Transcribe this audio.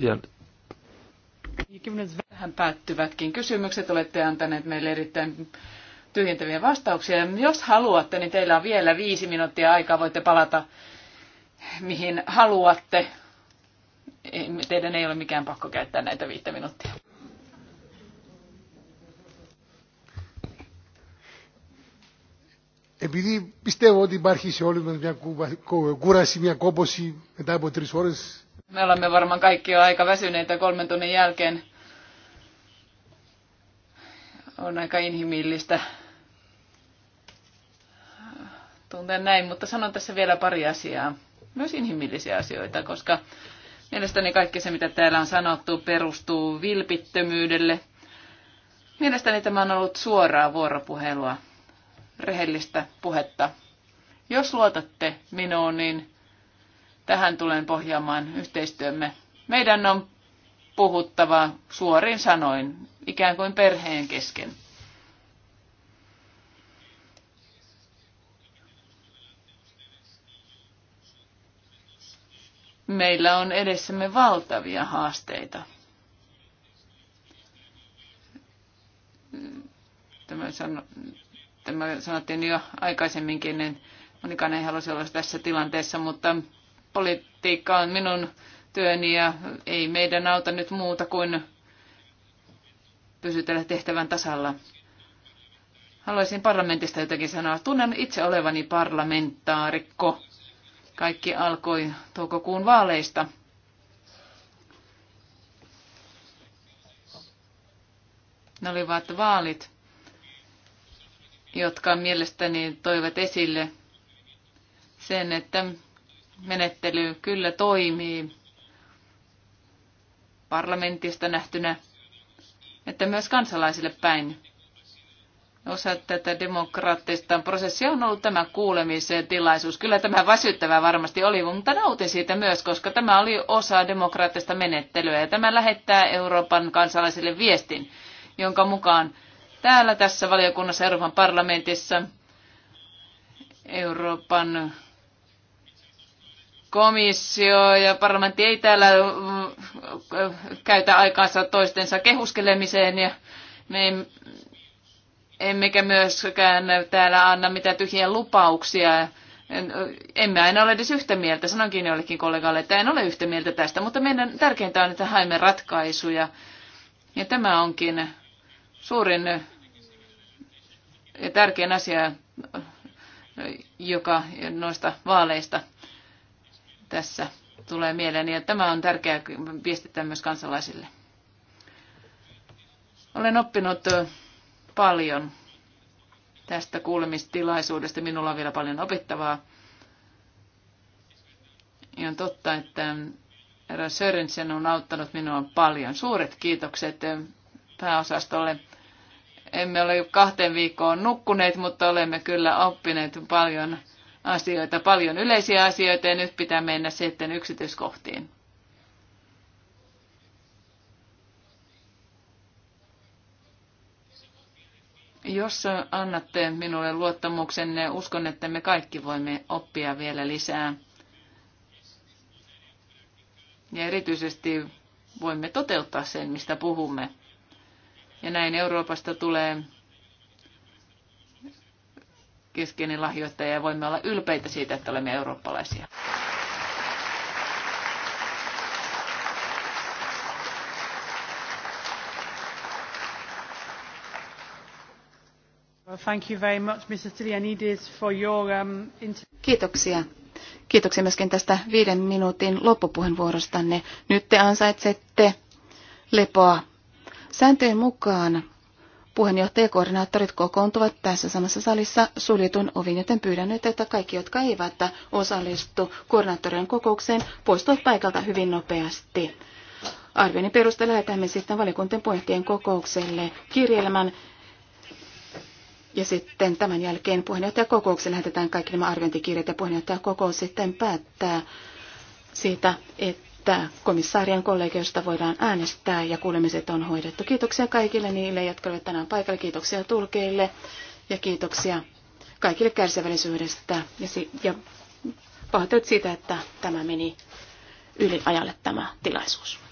Ja, Hän päättyvätkin kysymykset. Olette antaneet meille erittäin tyhjentäviä vastauksia. Jos haluatte, niin teillä on vielä viisi minuuttia aikaa. Voitte palata mihin haluatte. Teidän ei ole mikään pakko käyttää näitä viittä minuuttia. επειδή πιστεύω ότι υπάρχει σε όλους μας μια κούραση, μια κόποση μετά από τρεις ώρες. Me olemme varmaan kaikki jo aika väsyneitä kolmen tunnin jälkeen. On aika inhimillistä. Tunnen näin, mutta sanon tässä vielä pari asiaa. Myös inhimillisiä asioita, koska mielestäni kaikki se, mitä täällä on sanottu, perustuu vilpittömyydelle. Mielestäni tämä on ollut suoraa vuoropuhelua rehellistä puhetta. Jos luotatte minuun, niin tähän tulen pohjaamaan yhteistyömme. Meidän on puhuttava suorin sanoin, ikään kuin perheen kesken. Meillä on edessämme valtavia haasteita. Tämä sanoo. Tämä sanottiin jo aikaisemminkin, niin monikaan ei halusi olla tässä tilanteessa, mutta politiikka on minun työni ja ei meidän auta nyt muuta kuin pysytellä tehtävän tasalla. Haluaisin parlamentista jotakin sanoa. Tunnen itse olevani parlamentaarikko. Kaikki alkoi toukokuun vaaleista. Ne olivat vaalit, jotka mielestäni toivat esille sen, että menettely kyllä toimii parlamentista nähtynä, että myös kansalaisille päin. Osa tätä demokraattista prosessia on ollut tämä kuulemisen tilaisuus. Kyllä tämä väsyttävä varmasti oli, mutta nautin siitä myös, koska tämä oli osa demokraattista menettelyä. Ja tämä lähettää Euroopan kansalaisille viestin, jonka mukaan täällä tässä valiokunnassa Euroopan parlamentissa Euroopan komissio ja parlamentti ei täällä äh, käytä aikaansa toistensa kehuskelemiseen ja me emmekä myöskään täällä anna mitään tyhjiä lupauksia. Äh, emme aina ole edes yhtä mieltä. Sanonkin jollekin kollegalle, että en ole yhtä mieltä tästä, mutta meidän tärkeintä on, että haemme ratkaisuja. Ja tämä onkin suurin ja tärkein asia, joka noista vaaleista tässä tulee mieleen. Ja tämä on tärkeää viestittää myös kansalaisille. Olen oppinut paljon tästä kuulemistilaisuudesta. Minulla on vielä paljon opittavaa. Ja on totta, että Herra Sörensen on auttanut minua paljon. Suuret kiitokset pääosastolle emme ole kahteen viikkoon nukkuneet, mutta olemme kyllä oppineet paljon asioita, paljon yleisiä asioita ja nyt pitää mennä sitten yksityiskohtiin. Jos annatte minulle luottamuksenne, niin uskon, että me kaikki voimme oppia vielä lisää. Ja erityisesti voimme toteuttaa sen, mistä puhumme. Ja näin Euroopasta tulee keskeinen lahjoittaja ja voimme olla ylpeitä siitä, että olemme eurooppalaisia. Um, Kiitoksia. Kiitoksia myöskin tästä viiden minuutin loppupuheenvuorostanne. Nyt te ansaitsette lepoa Sääntöjen mukaan puheenjohtajakoordinaattorit kokoontuvat tässä samassa salissa suljetun ovin, joten pyydän nyt, että kaikki, jotka eivät osallistu koordinaattorien kokoukseen, poistuvat paikalta hyvin nopeasti. Arvioinnin perusteella lähetämme sitten valiokuntien puheenjohtajien kokoukselle kirjelmän ja sitten tämän jälkeen puheenjohtajakokoukseen lähetetään kaikki nämä arviointikirjat ja puheenjohtajakokous sitten päättää siitä, että että komissaarian kollegiosta voidaan äänestää ja kuulemiset on hoidettu. Kiitoksia kaikille niille, jotka olivat tänään paikalla. Kiitoksia tulkeille ja kiitoksia kaikille kärsivällisyydestä ja, si- ja pahoittelut siitä, että tämä meni yli ajalle tämä tilaisuus.